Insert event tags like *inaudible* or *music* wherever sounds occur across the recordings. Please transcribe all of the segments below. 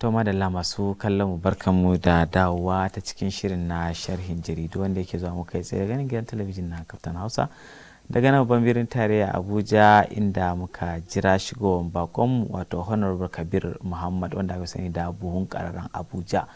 to madalla masu kallon mu mu da dawowa ta cikin shirin na sharhin jaridu wanda yake zuwa mu kai tsaye ganin gidan talabijin na kaftan hausa daga nan babban birnin tarayya abuja inda muka jira shigowar bakon mu wato honorable kabir muhammad wanda aka sani da buhun kararan abuja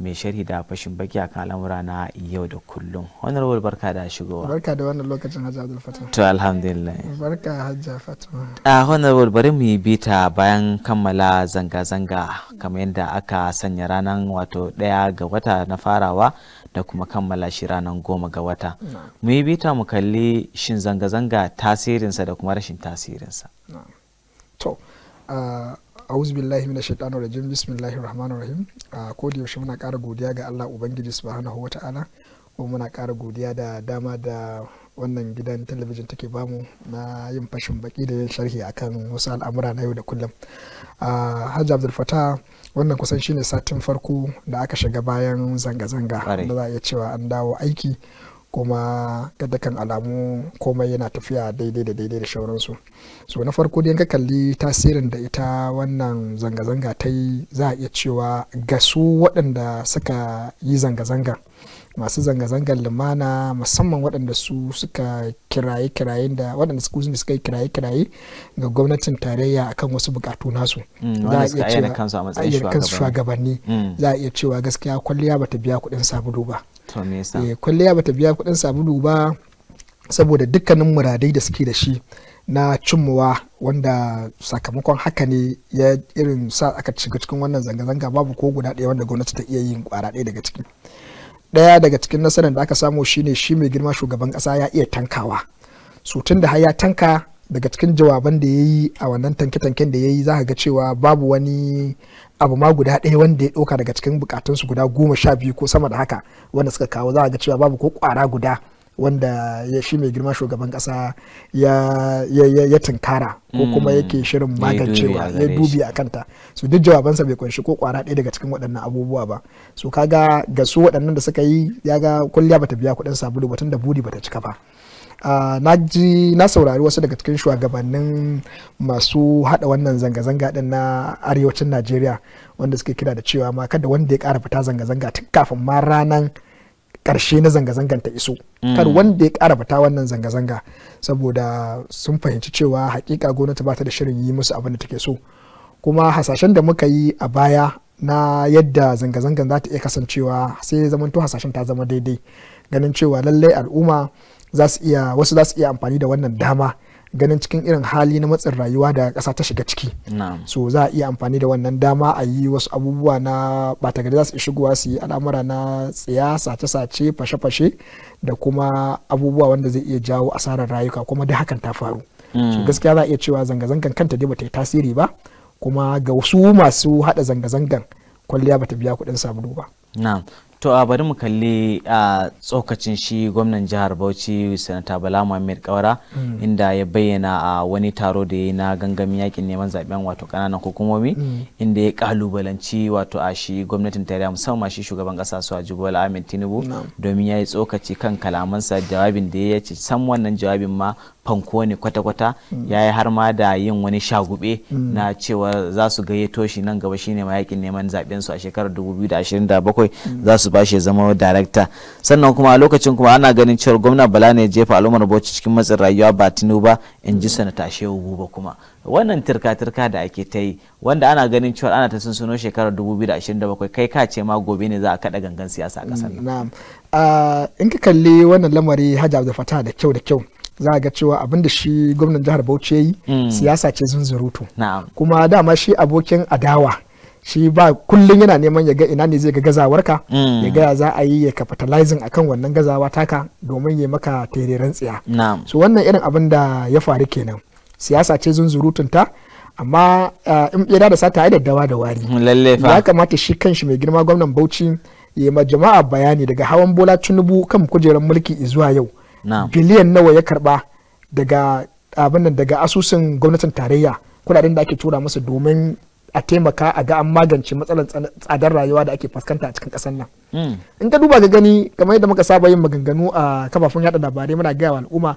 mai sharhi da fashin baki akan al'amura na yau da kullum honorable barka da shigowa barka da wannan lokacin hajji abdul fatah to alhamdulillah barka hajji fatima a honorable bari mu yi bita bayan kammala zanga-zanga kamar yadda aka sanya ranar wato daya ga wata na farawa da kuma kammala shi ranar goma ga wata mu yi bita mu kalli shin zanga-zanga tasirinsa da kuma rashin tasirinsa to uh, auzu billahi minash shaitanir rajim bismillahir rahmanir rahim ko da yaushe muna kara godiya ga Allah ubangiji subhanahu wata'ala kuma muna kara godiya da dama da wannan gidan talabijin take bamu na yin fashin baki da yin sharhi akan wasu al'amura na yau da kullum hajji abdul Fatta wannan kusan shine satin farko da aka shiga bayan zanga-zanga da za a iya cewa an dawo aiki kuma da dukkan alamu komai yana tafiya daidai da daidai da shauransu so na farko dai ka kalli tasirin da ita wannan zanga-zanga ta yi za a iya cewa ga su waɗanda suka yi zanga-zanga masu zanga-zangar lumana musamman waɗanda su suka kiraye kirayen da waɗanda su suka yi kiraye kiraye ga gwamnatin tarayya akan wasu bukatu nasu mm, za a iya cewa kansu shugabanni mm. za a iya cewa gaskiya kwalliya bata biya kuɗin sabulu ba Eh, kwalliya bata biya kuɗin sabulu ba saboda dukkanin muradai da suke da shi na cimmuwa wanda sakamakon haka ne ya irin sa aka shiga cikin wannan zanga-zanga babu ko guda ɗaya wanda gwamnati ta iya yin kwara ɗaya daga ciki ɗaya daga cikin nasarar da aka samu shine shi mai girma shugaban ƙasa ya iya tankawa sutun da har ya tanka daga cikin jawaban da ya yi a wannan tanke-tanken da ya yi za ga cewa babu wani abu ma guda ɗaya wanda ya ɗauka daga cikin bukatunsu guda goma sha biyu ko sama da haka wanda suka kawo za a ga cewa babu ko ƙwara guda wanda ya shi mai girma shugaban kasa ya tunkara ko hmm. kuma yake shirin magancewa ya dubi a kanta su duk jawabansa bai kunshi ko kwara ɗaya daga cikin waɗannan abubuwa ba su kaga ga su waɗannan da suka yi ya ga kulliya bata biya kuɗin sabulu batun da buri bata cika ba Ah, na saurari wasu daga cikin shugabannin masu hada wannan zanga-zanga din na arewacin najeriya wanda suke kira da cewa ma kada wanda ya kara fita zanga-zanga tun kafin ma ranan karshe na zanga-zangan ta iso mm. kar wanda ya kara fita wannan zanga-zanga saboda sun fahimci cewa hakika gwamnati ba ta da shirin yi musu abin da take so kuma hasashen da muka yi a baya na yadda zanga-zangan za ta iya kasancewa sai zamanto hasashen ta zama daidai ganin cewa lallai al'umma za su iya wasu za su iya amfani da wannan dama ganin cikin irin hali na matsin rayuwa da ƙasa ta shiga ciki so za a iya amfani da wannan dama a yi wasu abubuwa na bata gari za su shigowa su yi al'amura na tsiya sace-sace fashe-fashe da kuma abubuwa wanda zai iya jawo asarar rayuka kuma da hakan ta faru so mm. gaskiya za a iya cewa zanga-zangan kanta dai bata yi tasiri ba kuma ga wasu masu hada zanga-zangan kwalliya bata biya kuɗin sabulu ba na'am to a bari mu kalli a tsokacin shi gwamnan jihar bauchi sanata bala muhammed kawara mm. inda ya bayyana a wani taro da ya na gangamin yakin neman zaben wato kananan hukumomi mm. inda ya kalubalanci wato a shi gwamnatin tarayya musamman shi shugaban kasa su aji bola ahmed tinubu domin ya yi tsokaci kan kalamansa jawabin da ya ce san wannan jawabin ma fanko ne kwata-kwata mm. ya yi har ma da yin wani shagube mm. na cewa za su gayyato shi nan gaba shine ma yakin neman zaben su a shekarar 2027 mm. za su ba bashi zama darakta sannan kuma a lokacin kuma ana ganin cewa gwamna bala ne jefa al'ummar bauchi cikin matsin rayuwa ba tinu ba in ji sanata shehu gobe kuma wannan turka-turka da ake ta yi wanda ana ganin cewa ana ta sunsuno shekarar 2027 kai ka ce ma gobe ne za a kada gangan siyasa a kasar nan ah, in ka kalli wannan lamari hajji da fata da kyau da kyau za a ga cewa abin da shi gwamnan jihar bauchi ya yi mm. siyasa ce zunzurutu kuma dama shi abokin adawa shi ba kullum yana neman ya ga ina ne zai ga gazawarka mm. ya ga za a yi ya capitalizing akan wannan gazawa taka domin ya maka tereren tsiya so wannan irin abin da ya faru kenan siyasa ce zunzurutun ta amma eh, in ɓera da sata daddawa da wari ya kamata shi kanshi mai girma gwamnan bauchi ya ma jama'a bayani daga hawan bola tinubu kan kujerar mulki zuwa yau biliyan nawa ya karba daga abin daga asusun gwamnatin tarayya kudaden da ake tura masa domin a taimaka a ga an magance matsalar tsadar rayuwa da ake fuskanta a cikin kasar nan hmm. in ka duba ga gani kamar yadda muka saba yin maganganu a kafafun yada labarai muna gaya wa al'umma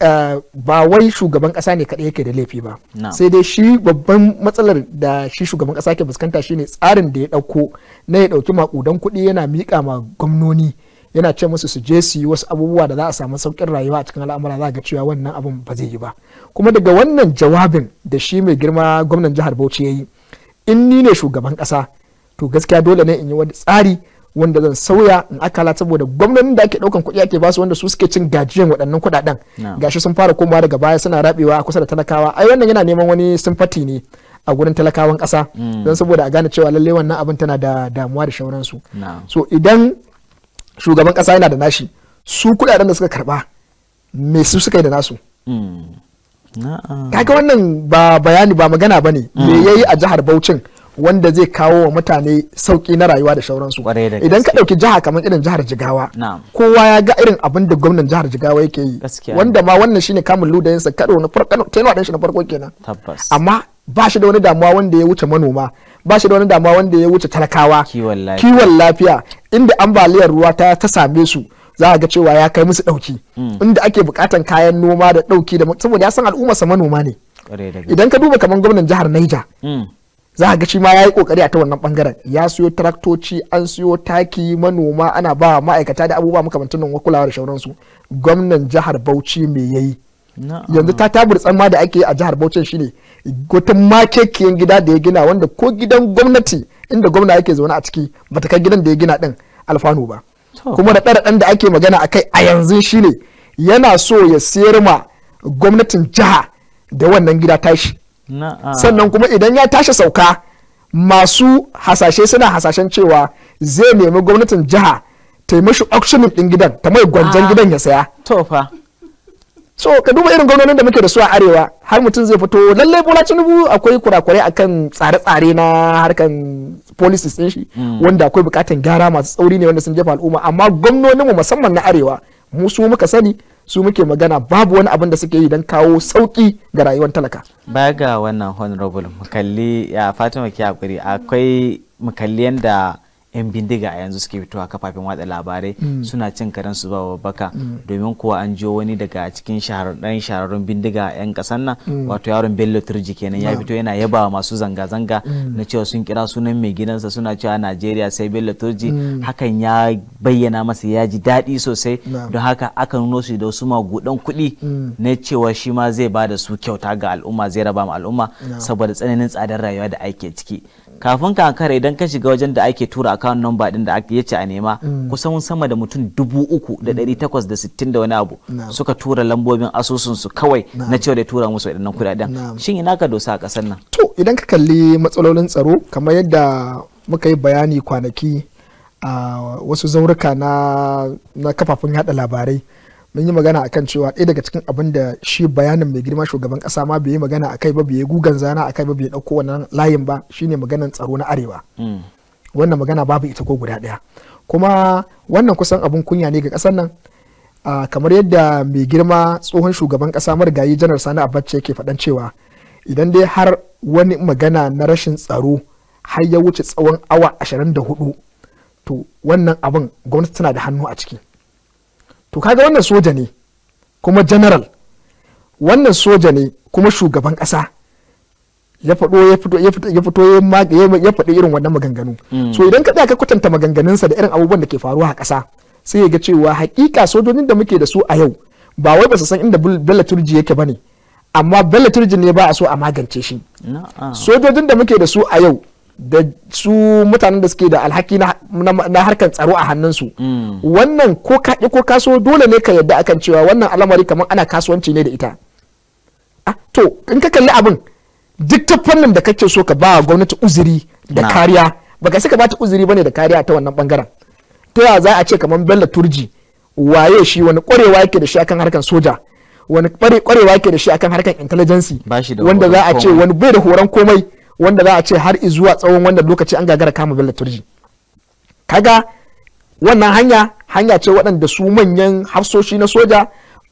eh, ba wai shugaban kasa ne kaɗai yake da laifi ba sai dai shi babban matsalar da shi shugaban kasa ke fuskanta shine tsarin da ya ɗauko na ya ɗauki makudan kuɗi yana miƙa ma gwamnoni yana ce musu su je su yi wasu abubuwa da za a samu saukin rayuwa a cikin al'amura za ga cewa wannan abun ba zai yi ba kuma daga wannan jawabin da shi mai girma gwamnan jihar Bauchi ya yi in ni ne shugaban kasa to gaskiya dole ne in yi wani tsari wanda zan sauya in akala saboda gwamnanin da ake daukan kuɗi ake basu wanda su suke cin gajiyan waɗannan kuɗaɗen gashi sun fara komawa daga baya suna rabewa a kusa da talakawa ai wannan yana neman wani simfati ne a gurin talakawan ƙasa mm. don saboda a gane cewa lallai wannan abin tana da damuwa da shauransu so idan shugaban kasa yana da nashi su kudaden da suka karba me su suka yi da nasu hmm. kaga wannan ba bayani ba magana ba ne me hmm. yi a jihar Bauchin wanda zai kawo wa mutane sauki na rayuwa da shauransu idan ka ɗauki jiha kamar irin jihar jigawa kowa ya ga irin abin da gwamnan jihar jigawa yake yi wanda ma wannan shine kamun ludayinsa karo na farko kenan amma ba shi da wani damuwa wanda ya wuce manoma ba shi da wani damuwa wanda ya wuce talakawa kiwon lafiya inda ambaliyar ruwa ta ta same su za a ga cewa ya kai musu dauki mm. inda ake bukatan kayan noma da dauki da saboda ya san al'umma sa manoma ne idan ka duba kamar gwamnan jihar Niger mm. za a ga shi ma ya yi kokari a ta wannan bangaren ya siyo taraktoci an siyo taki manoma ana ba ma'aikata da abubuwa makamantan nan kulawa da shauransu gwamnan jihar Bauchi me yayi yanzu ta taburtsan ma da ake a jihar Bauchi shine wata makekiyan gida da ya gina wanda ko gidan gwamnati inda gwamna yake zaune a ciki bata kai gidan da ya gina din alfanu ba kuma da ɗan da ake magana a kai a yanzu shi ne yana so ya siyar ma gwamnatin jiha da wannan gida tashi sannan kuma idan ya tashi sauka masu hasashe suna hasashen cewa zai nemi gwamnatin jiha ta yi mashi auctioning din gidan ta mai gwanjan gidan ya saya. so ka duba irin gwamnoni da muke da su a arewa har mutum zai fito lallai bola tinubu akwai kurakurai akan tsare-tsare na harkan policies din shi hmm. wanda akwai bukatan gyara masu tsauri ne wanda sun jefa al'umma amma gwamnonin mu musamman na arewa mu su muka sani su muke magana babu wani abin da suke yi don kawo sauki ga rayuwar talaka baya ga wannan honorable mukalli ya fatima ki hakuri akwai mukalli yanda 'yan bindiga a yanzu suke fitowa kafafen watsa labarai mm. suna cin karen su bawa baka mm. domin kuwa an jiyo wani daga cikin shahararren shahararrun bindiga 'yan kasan nan mm. wato yaron bello turji kenan ya fito yana yabawa masu zanga-zanga na cewa sun kira sunan mai gidansa suna cewa najeriya sai bello turji hakan ya bayyana masa ya ji daɗi sosai don haka aka nuno su da wasu magudan kuɗi na cewa shi ma zai ba da su kyauta ga al'umma zai raba ma al'umma saboda tsananin tsadar rayuwa da ake ciki kafin ka kare idan ka shiga wajen da ake tura akawun number din da ya ce a nema mm. kusan sama da mutum dubu uku da ɗari takwas da sittin da wani abu suka tura lambobin asusun su kawai na cewa da tura musu waɗannan kuɗaɗen shin ina ka dosa a ƙasar nan to idan ka kalli matsalolin tsaro kamar yadda muka yi bayani kwanaki a wasu zauruka na kafafen yada labarai mun yi magana akan cewa ɗaya daga cikin abin da shi bayanin mai girma shugaban ƙasa ma bai yi magana akai ba bai yi gugan zana akai ba bai ɗauko wannan layin ba shine maganan tsaro na arewa hmm. wannan magana babu ita ko guda ɗaya kuma wannan kusan abin kunya ne ga ƙasar nan kamar yadda mai girma tsohon shugaban kasa marigayi janar sani abacha yake faɗan cewa idan dai har wani magana na rashin tsaro har ya wuce tsawon awa ashirin 24 to wannan abin gwamnati tana da hannu a ciki to kaga wannan soja ne kuma general wannan soja ne kuma shugaban ƙasa ya faɗo ya fito ya fito ya fito ya faɗi irin wannan maganganu hmm. so idan ka ka kwatanta maganganunsa da irin abubuwan da ke faruwa a kasa sai ya ga cewa hakika sojojin da muke da su a yau ba wai ba su san inda Bello Turji yake bane amma Bello Turji ne ba a so a magance shi sojojin da muke da su a yau da su mutanen da suke da alhaki na harkar tsaro a hannunsu mm. wannan ko kaɗi ko kaso dole ne ka yadda akan cewa wannan al'amari kamar ana kasuwanci ne da ita ah, to in ka kalli abin duk ta fannin da kake so ka ba gwamnati uzuri da kariya ka saka ba ta uzuri bane da kariya ta wannan bangaren ta ya za a ce kamar bello turji waye shi wani kwarewa yake da shi akan harkar soja wani kwarewa yake da shi akan harkar intelligence wanda za a ce wani bai da horon komai wanda za a ce har zuwa tsawon wanda lokaci an gagara kama bello turji kaga wannan hanya hanya ce waɗanda su manyan hafsoshi na soja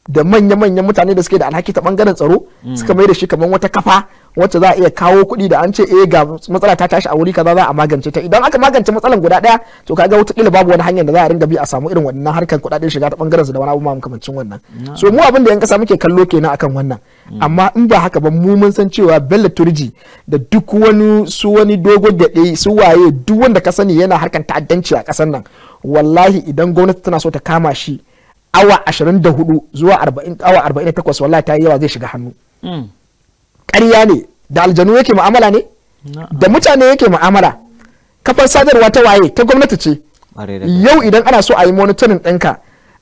da manya-manyan mutane da suke da alhaki ta bangaren tsaro mm. suka mai da shi kamar wata kafa wacce za a iya kawo kuɗi da an ce eh ga matsala ta tashi a wuri kaza za a magance ta idan aka magance matsalan guda daya to kaga kila babu wani hanyar da za a ringa bi a samu irin wannan harkar kuɗaɗen shiga ta bangaren su da wani abubuwa makamancin wannan so mu abin da yan kasa muke kallo kenan akan wannan mm. amma in ba haka ba mu mun san cewa Bello Turji da duk wani su wani dogon gaɗe su waye duk wanda ka sani yana harkar ta'addanci a ƙasar nan wallahi idan gwamnati tana so ta kama shi awa 24 zuwa 40 awa 48 wallahi ta yi yawa zai shiga hannu hmm. ƙarya ne da aljanu yake mu'amala ne da mutane yake mu'amala kafar sadarwa ta waye ta gwamnati ce yau idan ana so a yi monitoring ɗinka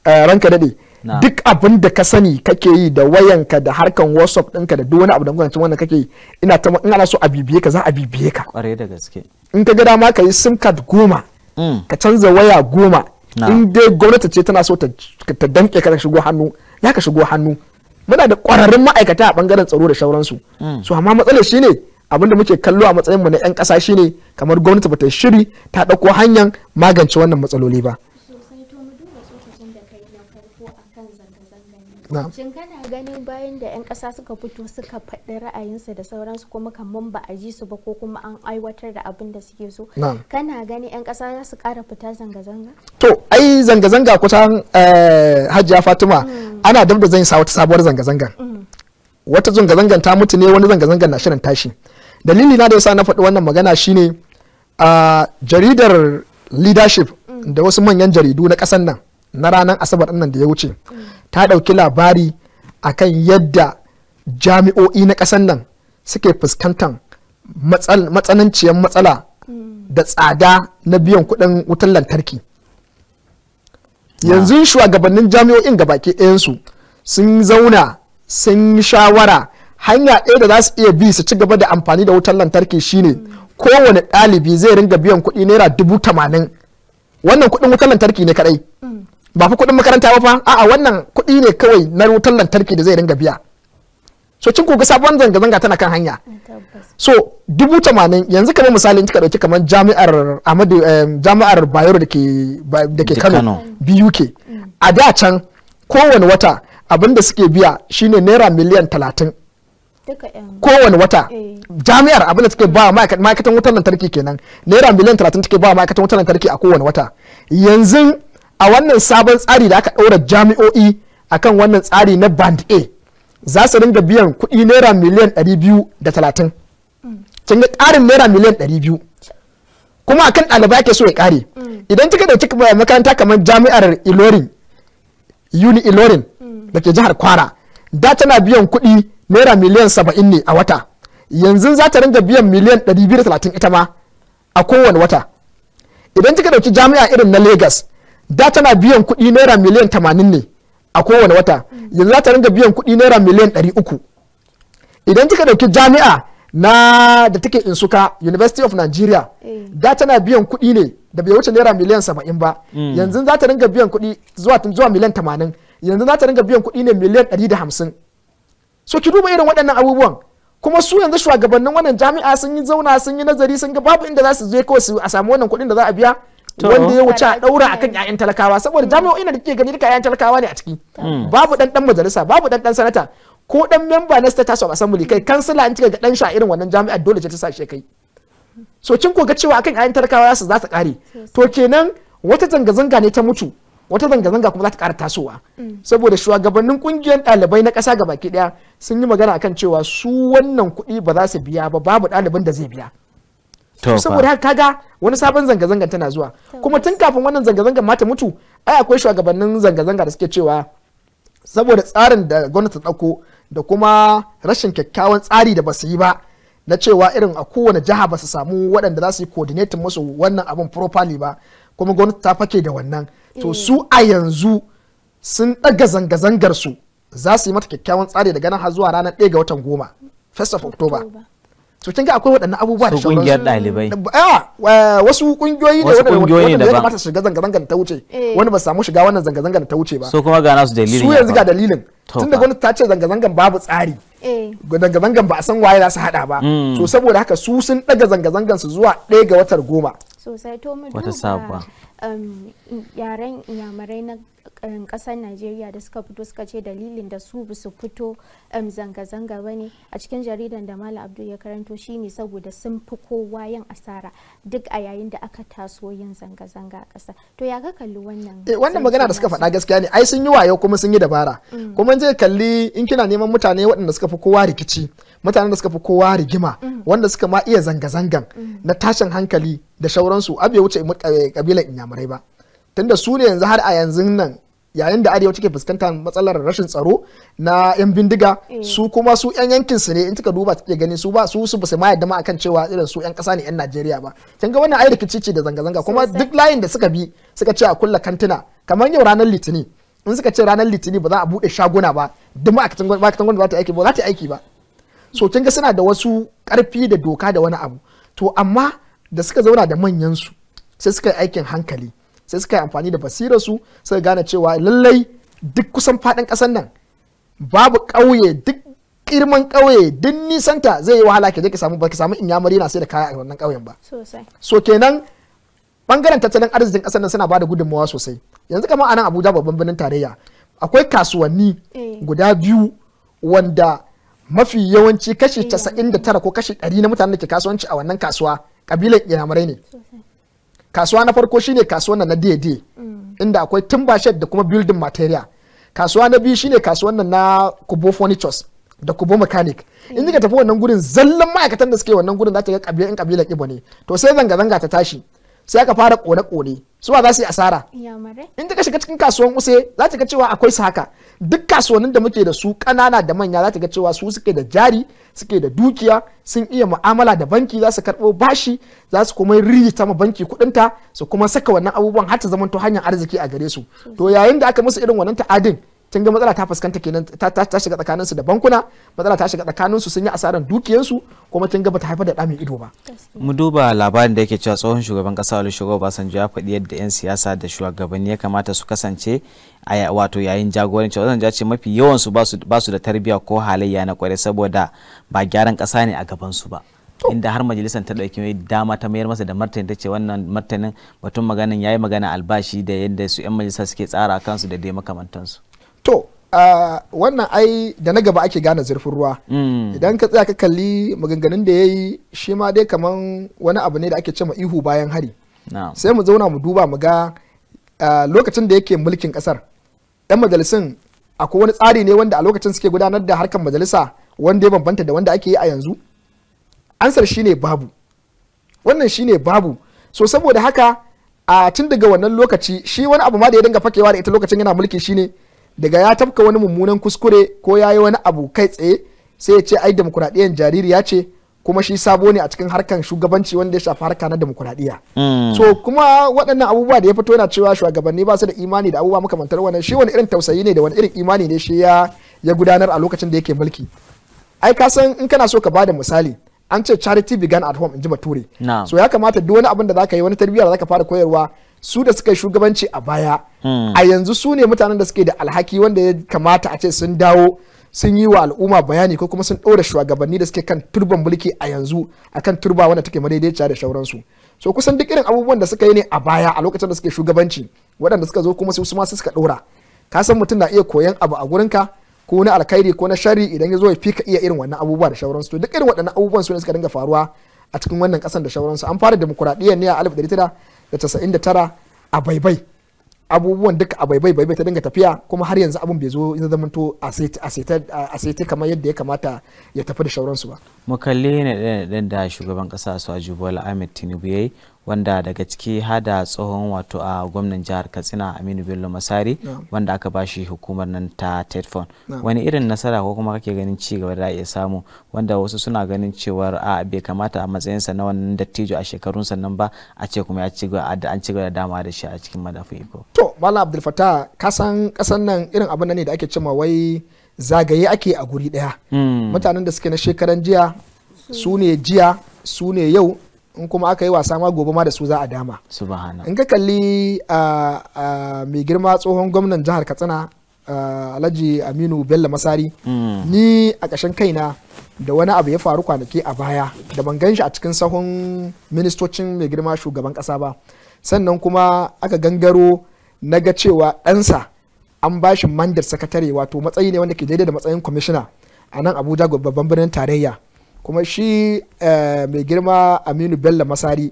eh, ranka daɗe duk abin da ka sani kake yi da wayanka da harkan whatsapp ɗinka da duk wani abu da gwamnati wannan kake yi ina ta in ana so a bibiye ka za a bibiye ka in ka ga dama ka yi sim card goma hmm. ka canza waya goma in dai gwamnati ce tana so ta danke ka shigo hannu ya ka shigo hannu muna da ƙwararrun ma'aikata a ɓangaren tsaro da shauransu hmm. so amma matsalar shine abin da muke kallo a matsayin mu na 'yan ƙasa shine kamar gwamnati ba ta shiri ta ɗauko hanyar magance wannan matsaloli ba shin kana ganin bayan da 'yan kasa suka fito suka faɗi ra'ayinsa da sauransu kuma kamar ba a ji su ba ko kuma an aiwatar da abin da suke so kana gani 'yan kasa za su ƙara fita zanga-zanga to ai zanga-zanga kusan eh, hajiya fatima mm. ana dab da zan sa wata sabuwar zanga-zanga mm. wata zanga-zangan ta mutu ne wani zanga-zangan na shirin tashi dalili na da yasa na faɗi wannan magana shine a ah, jaridar leadership mm. da wasu manyan jaridu na ƙasar nan na ranar asabar nan da ya wuce ta ɗauki labari akan yadda jami'o'i na kasan nan suke fuskantar matsananciyar matsala da tsada na biyan kuɗin wutar lantarki yanzu shugabannin jami'o'in ga baki ɗayansu sun zauna sun yi shawara hanya ɗaya da za su iya bi su ci gaba da amfani da wutar lantarki shine kowane ɗalibi zai ringa biyan kuɗi naira dubu tamanin wannan kuɗin wutar lantarki ne kaɗai mm. ba fi kuɗin makaranta ba fa a'a wannan kuɗi ne kawai na wutar lantarki da zai ringa biya so cin kuka sabon zanga-zanga tana kan hanya mm, so dubu tamanin yanzu kamar misali in kika dauki kamar jami'ar amadu eh, jami'ar bayero da ke kano buk mm. a da can kowane wata abin da suke biya shine naira miliyan talatin kowane wata eh. jami'ar abin da suke ba ma'aikatan wutar lantarki kenan naira miliyan talatin take ba ma'aikatan wutar lantarki a kowane wata yanzu a wannan sabon tsari da aka ɗaura jami'o'i a kan wannan tsari na band a za su ringa biyan kuɗi naira miliyan 230 kin ga ƙarin naira miliyan 200 kuma akan ɗalibai ke so ya ƙare idan kika ɗauki makaranta kamar jami'ar ilorin uni ilorin da ke jihar kwara da tana biyan kuɗi naira miliyan 70 ne a wata yanzu za ta ringa biyan miliyan 230 ita ma a kowane wata idan kika ɗauki jami'a irin na lagos da tana biyan kuɗi naira miliyan tamanin ne a kowane wata yanzu za ta ringa biyan kuɗi naira miliyan ɗari uku idan kika ɗauki jami'a na da take insuka university of nigeria eh. da tana biyan kuɗi ne da bai wuce naira miliyan saba'in ba hmm. yanzu za ta ringa biyan kuɗi zuwa zuwa miliyan tamanin yanzu za ta ringa biyan kuɗi ne miliyan ɗari da hamsin so ki duba irin waɗannan abubuwan kuma su yanzu shugabannin wannan jami'a sun yi zauna sun yi nazari sun ga babu inda za su je kawai su a samu wannan kuɗin da za a biya wanda ya wuce a daura akan ya'yan talakawa saboda hmm. jami'o'i na da kike gani duka ya'yan talakawa ne a ciki hmm. babu dan dan majalisa babu ɗan ɗan sanata ko dan memba na state house of assembly kai kansila an cika ga dan sha irin wannan jami'ar dole ce ta sashe kai so kin ko ga cewa akan ya'yan talakawa su za su kare to kenan wata zanga zanga ne ta mutu wata zanga zanga kuma za ta kara tasowa hmm. saboda shugabannin kungiyar ɗalibai na ƙasa gabaki daya sun yi magana akan cewa su wannan kuɗi ba za su biya ba babu ɗalibin da zai biya saboda haka kaga wani sabon zanga zangar tana zuwa kuma tun kafin wannan zanga-zangan mata mutu ai akwai shugabannin zanga-zanga da suke cewa saboda tsarin da gwamnati ta ɗauko da kuma rashin kyakkyawan tsari da basu yi ba na cewa irin a kowane jiha ba su samu waɗanda za su yi coordinating musu wannan abun properly ba kuma gwamnati ta fake da wannan to eh. su a yanzu sun ɗaga zanga-zangar su za su yi mata kyakkyawan tsari daga nan har zuwa ranar 1 ga watan goma 1 of october so kin ga akwai waɗannan abubuwa da sauransu kungiyar ɗalibai wasu kungiyoyi ne wanda ya kamata su shiga zanga-zangar ta wuce eh. wani ba samu shiga wannan zanga-zangar ta wuce ba so kuma ga nasu dalilin su yanzu ga dalilin tun da gwamnati ta ce zanga-zangar babu tsari eh. zanga-zangar ba a san waye za su hada ba hmm. so saboda haka su sun daga zanga-zangar su zuwa ɗaya ga watar goma sosai to mu duba um, yaren yamarai na kasar najeriya da suka fito suka ce dalilin da su su fito zanga-zanga ba ne a cikin jaridan da mala abdul ya karanto shi ne saboda sun fi kowa yin asara duk a yayin da aka taso yin zanga-zanga a ƙasa to ya ka kalli wannan eh, wannan magana da suka faɗa gaskiya ne ai sun yi wayo kuma sun yi dabara mm. kuma je kalli in kina neman mutane waɗanda suka fi kowa rikici mutanen da suka fi kowa rigima mm. wanda suka ma iya zanga-zangan mm. na tashin hankali da shauransu abe wuce kabilar eh, inyamurai ba tunda su ne yanzu har a yanzu nan yayin da arewa take fuskantar matsalar rashin tsaro na yan bindiga mm. su kuma su yan yankin su ne in tuka duba take gani su ba su su ba su ma yadda ma akan cewa irin su yan kasa ne yan Najeriya ba kin ga wannan ai rikici da zanga zanga kuma duk layin da suka bi suka ce a kulla kantuna kamar yau ranar litinin in suka ce ranar litinin ba za a bude shaguna ba duk ma'aikatan gwamnati ba ta aiki ba za ta aiki ba so kin ga suna da wasu karfi da doka da wani abu to amma da suka zauna da manyan su sai suka yi aikin hankali sai suka yi amfani da basirar su suka gane cewa lallai duk kusan faɗin ƙasar nan babu ƙauye duk kirman ƙauye duk nisanta zai yi wahala ke je ka samu ba ka samu inyamari na sai da kaya a wannan ƙauyen ba so kenan bangaren tattalin arzikin ƙasar nan suna ba da gudunmawa sosai yanzu kamar anan abuja babban birnin tarayya akwai kasuwanni eh. guda biyu wanda mafi yawanci kashi 99 eh, ko kashi 100 na mutane da ke kasuwanci a wannan kasuwa kabilan inyamarai ne kasuwa na farko shine kasuwan nan na daidai mm. inda akwai timbashed da kuma building material kasuwa na biyu shine kasuwan nan na kubo furnitures da kubo mechanic in ka tafi wannan gurin zallan ma'aikatan da suke wannan gurin za ta ga kabilan kabila ibo ne to sai zanga zanga ta tashi sai aka fara kone kone ba za su yi asara in ka shiga cikin kasuwan use za ta ga cewa akwai su haka duk kasuwannin da muke da su kanana da manya za ta ga cewa su suke da jari suke da dukiya sun iya mu'amala da banki za su karɓo bashi za su kuma rijita ma banki kuɗinta su kuma saka wannan abubuwan har ta zamanto hanyar arziki a gare su to yayin da aka musu irin wannan ta'adin kin ga matsala ta fuskanta kenan ta shiga tsakaninsu da bankuna matsala ta shiga tsakaninsu sun yi asaran dukiyarsu kuma kin ga bata haifar da da ido ba mu duba labarin da yake cewa tsohon shugaban kasa Olusegun Obasanjo ya faɗi yadda yan siyasa da shugabanni ya kamata su kasance a wato yayin jagoranci Obasanjo ce mafi yawan su ba su da tarbiyya ko halayya na kware saboda ba gyaran kasa ne a gaban su ba inda har majalisar ta dauki dama ta mayar masa da martani ta ce wannan martanin batun maganin ya yi magana albashi da yadda su 'yan majalisa suke tsara kansu da dai makamantansu wannan ai da na gaba ake gane zurfin ruwa mm. idan ka tsaya ka kalli maganganun da ya yi shi ma dai kaman wani abu ne da ake cema ihu bayan hari sai mu zauna mu duba mu ga lokacin da yake mulkin kasar yan majalisun akwai wani tsari ne wanda a lokacin suke gudanar da harkar majalisa wanda ya bambanta da wanda ake yi a yanzu ansar shine babu wannan shine babu so saboda haka a tun daga wannan lokaci shi wani abu ma da ya dinga fakewa da ita lokacin yana mulki shine ne daga ya tafka wani mummunan kuskure ko ya yi wani abu kai tsaye sai ya ce ai demokuraɗiyyar jaririya ce kuma shi sabo ne a cikin harkan shugabanci wanda ya shafi harka na demokuraɗiyya. Hmm. so kuma waɗannan abubuwa da ya fito yana cewa shugabanni ba su da imani da abubuwa makamantar wannan shi wani irin tausayi ne da wani irin imani ne shi ya ya gudanar a lokacin da yake mulki ai ka san in kana so ka bada misali an ce charity began at home in ji bature so ya kamata duk wani abin da zaka yi wani tarbiyya da zaka fara koyarwa su da suka yi shugabanci a baya hmm. a yanzu su ne mutanen da suke da alhaki wanda ya kamata a ce sun dawo sun yi wa al'umma bayani ko kuma sun ɗora shugabanni da suke kan turban mulki a yanzu akan turba wanda take madaidaiciya da shauransu so kusan duk irin abubuwan da suka yi ne a baya a lokacin da suke shugabanci waɗanda suka zo kuma su ma suka ɗora ka san mutum na iya koyan abu a gurinka ko na alkhairi ko na shari idan ya zo ya fika iya irin wannan abubuwa da shauransu to duk irin waɗannan abubuwan su ne suka dinga faruwa a cikin wannan ƙasan da shauransu an fara demokuraɗiyya ne a alif da casa'in da tara a baibai abubuwan duka a baibai baibai ta dinga tafiya kuma har yanzu abun bai zo ya zamanto a saiti kamar yadda ya kamata ya tafi da shauransu ba. mu kalli na da shugaban kasa su bola ahmed tinubu ya yi wanda daga ciki hada tsohon wato a gwamnan jihar katsina aminu bello masari wanda aka ba shi hukumar nan ta tedfon wani irin nasara ko kuma kake ganin ci gaba da iya samu wanda wasu suna ganin cewar a bai kamata a matsayinsa na wannan dattijo a shekarun sannan ba a ce kuma ya ci an ci gaba da dama da shi a cikin madafun iko to malam abdul fatah kasan kasan nan irin abin ne da ake cewa wai zagaye ake a guri daya hmm. mutanen da suke na shekaran jiya su ne jiya su ne yau in kuma aka yi wasa ma gobe ma da su za a dama in ka kalli mai girma tsohon gwamnan jihar katsina alhaji aminu bello masari hmm. ni a ƙashin kaina da wani abu ya faru kwanaki a baya da ban gan shi a cikin sahun ministocin mai girma shugaban ƙasa ba sannan kuma aka gangaro na ga cewa ɗansa an ba shi mandar sakatare wato matsayi ne wanda ke daidai da matsayin kwamishina a nan abuja babban birnin tarayya kuma shi eh, mai girma aminu bello masari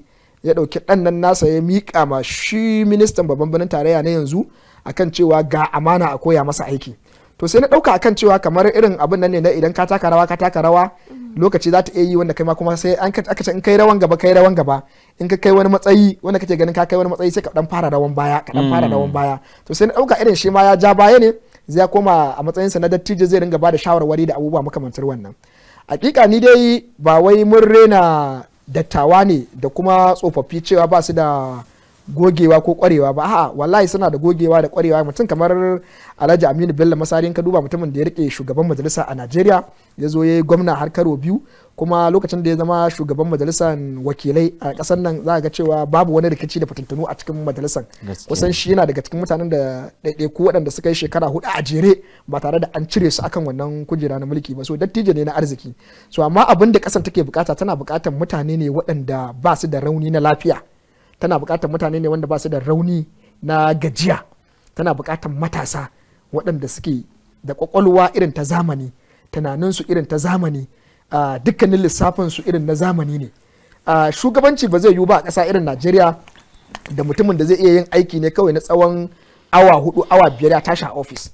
ya dauki dan nan nasa ya miƙa ma shi ministan babban birnin tarayya na yanzu akan cewa ga amana a koya masa aiki to sai na ɗauka akan cewa kamar irin abin nan ne na idan ka taka rawa ka taka rawa lokaci za ta iya yi wanda kai ma kuma sai an aka ce in kai rawan gaba kai rawan gaba in ka kai wani matsayi wanda kake ganin ka kai wani matsayi sai ka dan fara rawan baya ka dan fara rawan mm. baya to sai na ɗauka irin shi ma ya ja baya ne zai koma a matsayinsa na dattijo zai ringa ba da shawarwari da abubuwa makamantar wannan hakika ni dai ba wai mun rena dattawa ne da kuma tsofaffi cewa ba su da gogewa ko kwarewa ba a'a wallahi suna da gogewa da kwarewa mutum kamar Alhaji Aminu Bello Masari ka duba mutumin da ya rike shugaban majalisa a Najeriya ya zo ya yi gwamna har karo biyu kuma lokacin da ya zama shugaban majalisar wakilai a kasar nan za a ga cewa babu wani rikici da fitintunu a cikin majalisar kusan shi yana daga cikin mutanen da ɗaiɗaiku waɗanda suka yi shekara hudu a jere ba tare da an cire su akan wannan kujera na mulki ba so dattijo ne na arziki so amma abin da kasar take bukata tana bukatar mutane ne waɗanda ba su da rauni na lafiya tana bukatar mutane ne wanda ba su da rauni na gajiya tana bukatar matasa waɗanda suke da kwakwalwa irin ta zamani tunaninsu irin ta zamani Ah, dukkanin lissafin su irin na zamani ne ah, shugabanci ba zai yiwu ba a ƙasa irin najeriya da mutumin da zai iya yin aiki ne kawai na tsawon awa hudu awa biyar ya tashi a ofis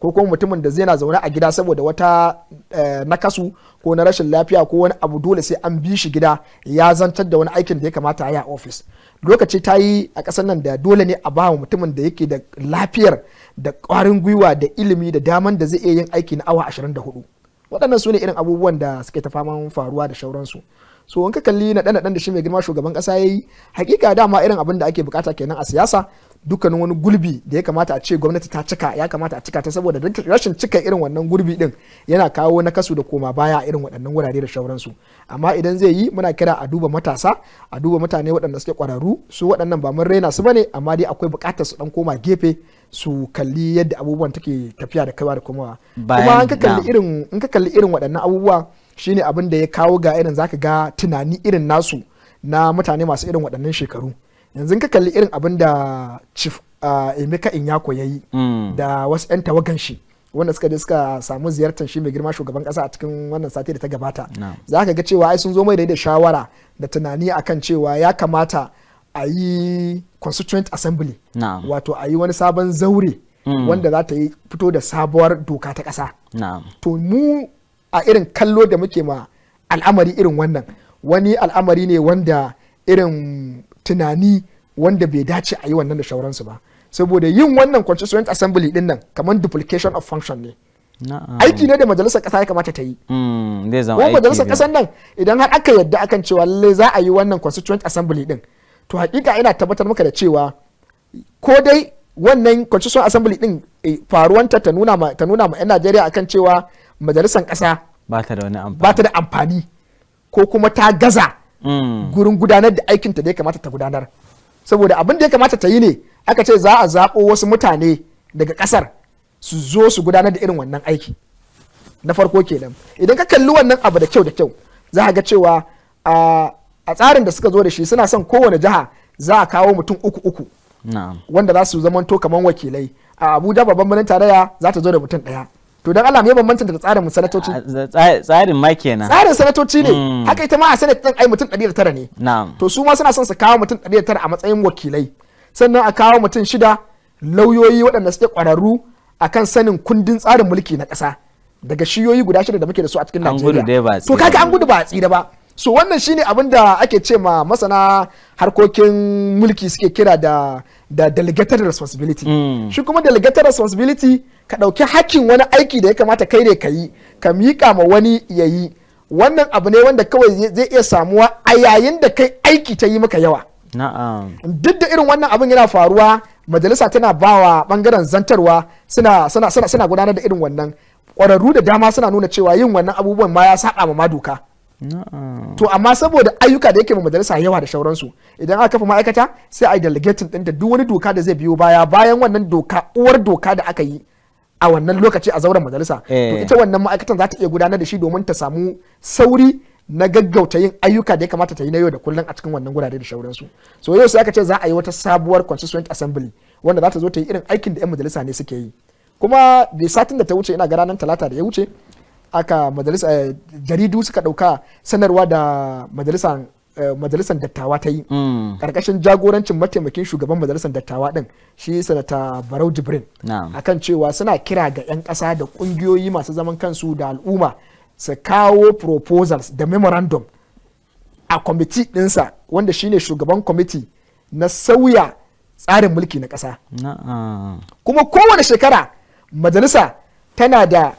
ko kuma mutumin da zai na zaune a gida saboda wata eh, nakasu ko na rashin lafiya ko wani abu dole sai an bi shi gida ya zantar da wani aikin da ya kamata a yi a ofis lokaci ta yi a ƙasar nan da dole ne a bawa mutumin da yake da lafiyar da ƙwarin gwiwa da ilimi da daman da zai iya yin aiki na awa 24 waɗannan su ne irin abubuwan da suke ta faman faruwa da shauransu so in ka kalli na ɗan da shi mai girma shugaban ƙasa ya yi hakika dama irin abin da ake bukata kenan a siyasa dukkanin wani gulbi da ya kamata a ce gwamnati ta cika ya kamata a cika ta saboda rashin cika irin wannan gurbi din yana kawo na kasu da koma baya irin waɗannan wurare da shauransu amma idan zai yi muna kira a duba matasa a duba mutane waɗanda suke ƙwararru su waɗannan ba mun raina su ba ne amma dai akwai bukatar su ɗan koma gefe su kalli yadda abubuwan take tafiya da kawa da komawa kuma in ka kalli irin in ka kalli irin waɗannan abubuwa shine abin da ya kawo ga irin zaka ga tunani irin nasu na mutane masu irin waɗannan shekaru yanzu in ka kalli irin abin da chief ah, emeka inyako ya yi mm. da wasu 'yan tawagan shi wanda suka je suka samu ziyartar shi mai girma shugaban kasa a cikin wannan sati da ta gabata zaka ga cewa ai sun zo mai da shawara da tunani akan cewa ya kamata a yi constituent assembly wato a yi wani sabon zaure mm. wanda za ta yi fito da sabuwar doka ta kasa. to mu a irin kallo da muke ma al'amari irin wannan wani al'amari ne wanda irin tunani wanda bai dace a yi wannan da shauransu ba saboda yin wannan constituent assembly din nan kamar duplication of function ne aiki ne da majalisar kasa ya kamata ta yi mm, Ko majalisar Kasan nan idan har aka yadda akan cewa lallai za a yi wannan constituent assembly din to hakika ina tabbatar maka da cewa ko dai wannan constitution assembly din eh, faruwanta ta nuna ma ta nuna ma yan Najeriya akan cewa majalisar kasa ba ta da wani amfani ba ta da amfani ko kuma ta gaza mm. gurin gudanar da aikin ta da ya kamata ta gudanar saboda abin da ya kamata ta yi ne aka ce za a zaɓo wasu mutane daga kasar su zo su gudanar da irin wannan aiki na farko kenan idan ka kalli wannan abu da kyau da kyau za ka ga cewa a ah, a tsarin da suka zo da shi suna son kowane jiha za a kawo mutum uku uku wanda za su to kaman wakilai a abuja babban birnin tarayya za ta zo da mutum daya to dan Allah me bambancin da tsarin sanatoci tsarin ma kenan tsarin sanatoci ne mm. haka ita ma a sanata din ai mutum 109 ne to su ma suna son su kawo mutum 109 a matsayin wakilai sannan a kawo mutum shida lauyoyi waɗanda suke kwararru akan sanin kundin tsarin mulki na ƙasa daga shiyoyi guda shida da muke da su a cikin Najeriya to kaga an gudu ba a tsira ba so wannan shine abin da ake ce ma masana harkokin mulki suke kira da da delegated responsibility mm. shi kuma delegated responsibility ka ɗauki hakkin wani aiki da ya kamata kai ne ka yi ka miƙa ma wani ya yi wannan abu ne wanda kawai zai iya samuwa a yayin da kai aiki ta yi maka yawa duk da irin wannan abin yana faruwa majalisa tana bawa bangaren zantarwa suna suna gudanar da irin wannan ƙwararru da dama suna nuna cewa yin wannan abubuwan ma ya saba ma doka to amma saboda ayyuka da yake ma majalisa yawa da shauransu idan aka kafa ma'aikata sai a yi delegating da duk wani doka da zai biyo baya bayan wannan doka uwar doka da aka yi a wannan lokaci a zauren majalisa to eh. ita wannan ma'aikatan za ta iya gudanar da shi domin ta samu sauri na gaggauta yin ayyuka da ya kamata ta yi na yau da kullum a cikin wannan gurare da shauransu so yau sai aka ce za a yi wata sabuwar constituent assembly wanda za ta zo ta yi irin aikin da 'yan majalisa ne suke yi kuma da satin da ta wuce ina ga ranar talata da ya wuce aka majalisa eh, jaridu suka dauka sanarwa da majalisan eh, majalisar dattawa ta yi karkashin mm. jagorancin mataimakin shugaban majalisar dattawa din shi sanata barau jibrin akan cewa suna kira ga 'yan kasa da kungiyoyi masu zaman kansu da al'umma su kawo proposals da memorandum a kwamiti dinsa wanda shine shugaban kwamiti na sauya tsarin mulki na kasa kuma kowane shekara majalisa tana da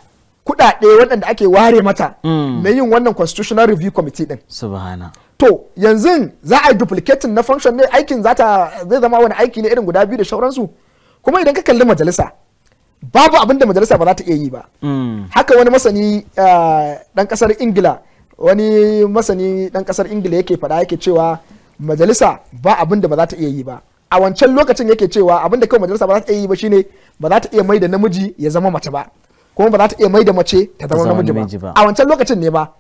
kuɗaɗe waɗanda ake ware mata mm. na yin wannan constitutional review committee din subhana to yanzu za a yi duplicating na function ne aikin zata zai zama wani aiki ne irin guda biyu da sauransu kuma idan ka kalli majalisa babu abin da majalisa ba za ta iya yi ba mm. haka wani masani dan ah, kasar ingila wani masani dan kasar ingila yake faɗa yake cewa majalisa ba abin da ba za ta iya yi ba a wancan lokacin yake cewa abin da kawai majalisa ba za ta iya yi ba shine ba za ta iya mai da namiji ya zama mace ba kuma ba za ta iya mai da mace ta zama namiji ba a wancan lokacin ne ba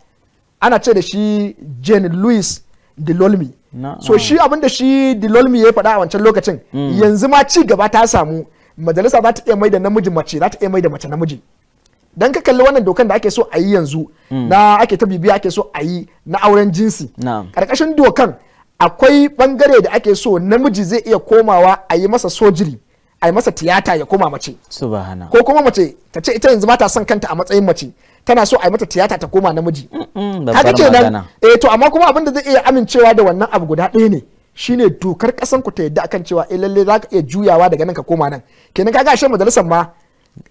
ana ce da shi jane louis dilolmi so shi abin da shi lolmi ya faɗa a wancan lokacin mm. yanzu ma ci gaba ta samu majalisa za ta iya mai da namiji mace za ta iya mai da mace namiji dan ka kalli wannan dokan da ake so a yi yanzu mm. na ake ta bibiya ake so a yi na auren jinsi karkashin dokan akwai bangare da ake so namiji zai iya komawa a yi masa sojiri a yi masa tiyata ya koma mace ko kuma mace ta ce ita yanzu ba ta son kanta a matsayin mace tana so a yi mata tiyata ta koma namiji ga kenan eh to amma kuma abin da zai iya amincewa da wannan abu guda ɗaya ne shine dokar kasan ku ta yadda akan cewa eh lalle za ka iya juyawa daga nan ka koma nan kenan kaga ashe majalisar ma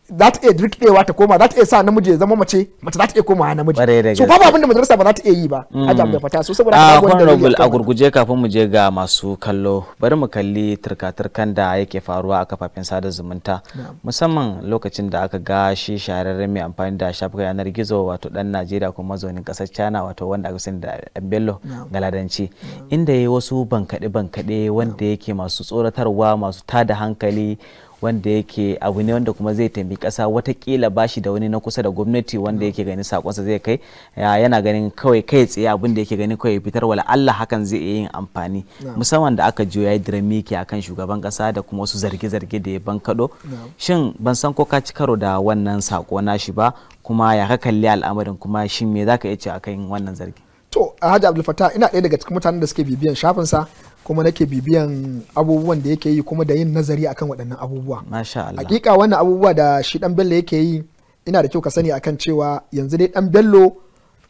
za ta iya rikdewa ta koma za ta iya sa namiji ya zama mace mace za ta iya komawa namiji so babu abin da majalisa ba za ta iya yi ba da fata so saboda ah, honorable a gurguje kafin mu je ga masu kallo bari mu kalli turka-turkan da yake faruwa a kafafen sada zumunta musamman lokacin da aka ga shi shahararren mai amfani da shafukan yanar gizo wato dan najeriya kuma mazaunin kasar china wato wanda aka sani da bello galadanci inda ya wasu bankaɗe-bankaɗe wanda yake masu tsoratarwa masu tada hankali wanda yake abu ne wanda kuma zai taimaki kasa watakila ba shi da wani na kusa da gwamnati wanda mm. yake gani sakonsa zai kai yana ganin kawai kai tsaye abin da yake gani kawai fitar wala Allah hakan zai iya yin amfani musamman da aka juya ya dira ke akan shugaban kasa da kuma wasu zarge-zarge da ya ban bankado shin ban san ko ka ci karo da wannan sako shi ba kuma ya ka kalli al'amarin kuma shin me zaka iya ce akan wannan zargi to Alhaji Abdul Fattah ina ɗaya daga cikin mutanen da suke bibiyan sa. kuma nake bibiyan abubuwan da yake yi kuma da yin nazari akan waɗannan abubuwa masha Allah hakika wannan abubuwa da shi dan bello yake yi ina da kyau ka sani akan cewa yanzu dai dan bello